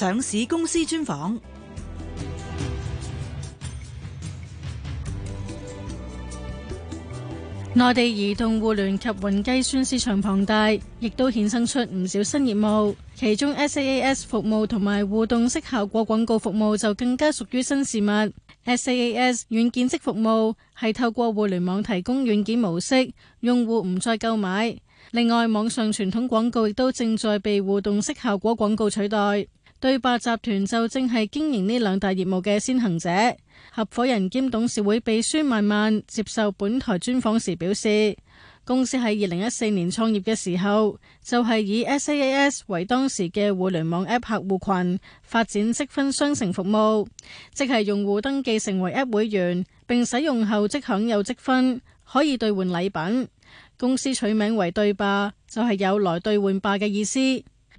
上市公司專訪，內地移動互聯及雲計算市場龐大，亦都衍生出唔少新業務。其中 SaaS 服務同埋互動式效果廣告服務就更加屬於新事物。SaaS 軟件即服務係透過互聯網提供軟件模式，用戶唔再購買。另外，網上傳統廣告亦都正在被互動式效果廣告取代。對霸集團就正係經營呢兩大業務嘅先行者，合夥人兼董事會秘書曼曼接受本台專訪時表示，公司喺二零一四年創業嘅時候就係、是、以 SaaS 為當時嘅互聯網 App 客戶群發展積分商城服務，即係用戶登記成為 App 會員並使用後即享有積分可以兌換禮品。公司取名為兌吧就係、是、有來兌換吧嘅意思。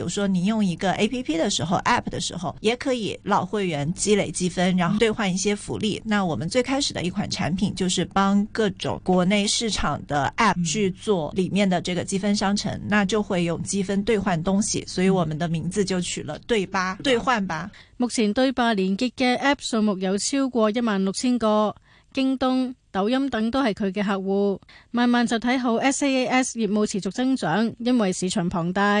比如說，您用一個 A P P 的時候，App 的時候，的時候也可以老會員積累積分，然後兌換一些福利。那我們最開始的一款產品就是幫各種國內市場的 App 去做裏面的這個積分商城，那就會用積分兌換東西。所以我們的名字就取了“兌吧”兌換吧。目前兌吧連接嘅 App 數目有超過一萬六千個，京東、抖音等都係佢嘅客戶。慢慢就睇好 SaaS 業務持續增長，因為市場龐大。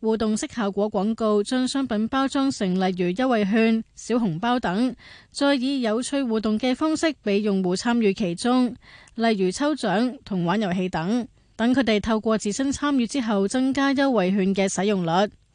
互動式效果廣告將商品包裝成例如優惠券、小紅包等，再以有趣互動嘅方式俾用戶參與其中，例如抽獎同玩遊戲等，等佢哋透過自身參與之後，增加優惠券嘅使用率。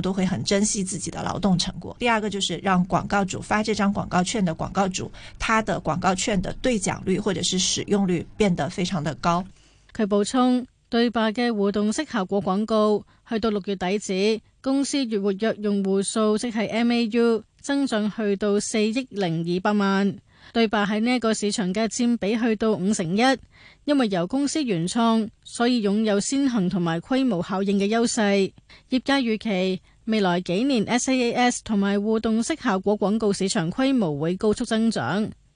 都會很珍惜自己的勞動成果。第二個就是讓廣告主發這張廣告券的廣告主，他的廣告券的兌獎率或者是使用率變得非常的高。佢補充，兌吧嘅互動式效果廣告，去到六月底止，公司月活躍用戶數即係 MAU 增長去到四億零二百萬。兌吧喺呢個市場嘅佔比去到五成一，因為由公司原創，所以擁有先行同埋規模效應嘅優勢。業界預期未來幾年 SaaS 同埋互動式效果廣告市場規模會高速增長。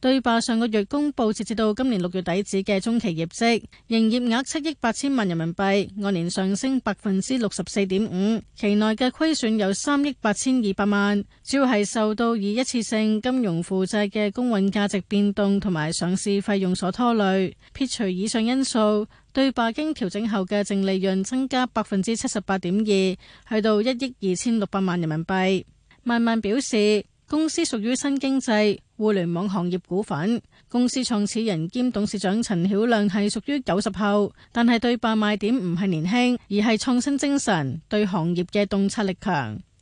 兌吧上個月公布截至到今年六月底止嘅中期業績，營業額七億八千萬人民幣，按年上升百分之六十四點五。期內嘅虧損有三億八千二百萬，主要係受到以一次性金融負債嘅公允價值變動同埋上市費用所拖累。撇除以上因素，兌吧經調整後嘅淨利潤增加百分之七十八點二，去到一億二千六百萬人民幣。曼曼表示，公司屬於新經濟。互聯網行業股份公司創始人兼董事長陳曉亮係屬於九十後，但係對兌吧賣點唔係年輕，而係創新精神，對行業嘅洞察力強。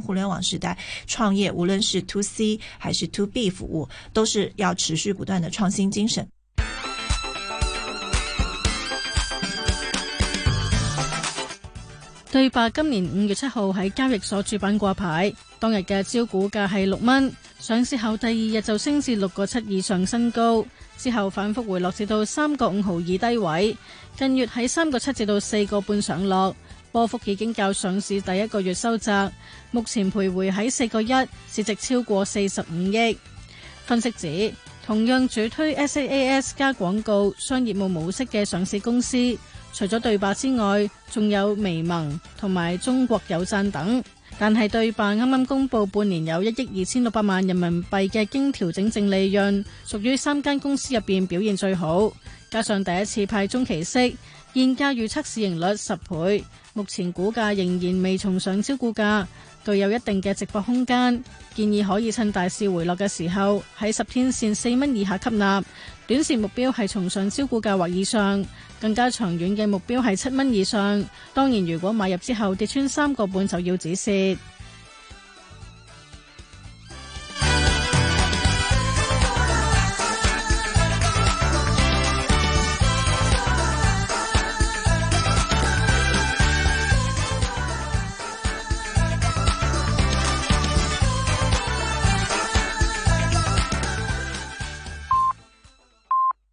互聯網時代創業，無論是 to C 還是 to B 服務，都是要持續不斷的創新精神。對吧？今年五月七號喺交易所主板掛牌，當日嘅招股價係六蚊，上市後第二日就升至六個七以上新高，之後反覆回落至到三個五毫二低位，近月喺三個七至到四個半上落。波幅已經較上市第一個月收窄，目前徘徊喺四個一，市值超過四十五億。分析指，同樣主推 SaaS 加廣告商業務模式嘅上市公司，除咗兌吧之外，仲有微盟同埋中國有贊等。但係兌吧啱啱公布半年有一億二千六百萬人民幣嘅經調整淨利潤，屬於三間公司入邊表現最好，加上第一次派中期息，現價預測市盈率十倍，目前股價仍然未重上招股價。具有一定嘅直播空間，建議可以趁大市回落嘅時候喺十天線四蚊以下吸納，短線目標係重上招股價或以上，更加長遠嘅目標係七蚊以上。當然，如果買入之後跌穿三個半就要止蝕。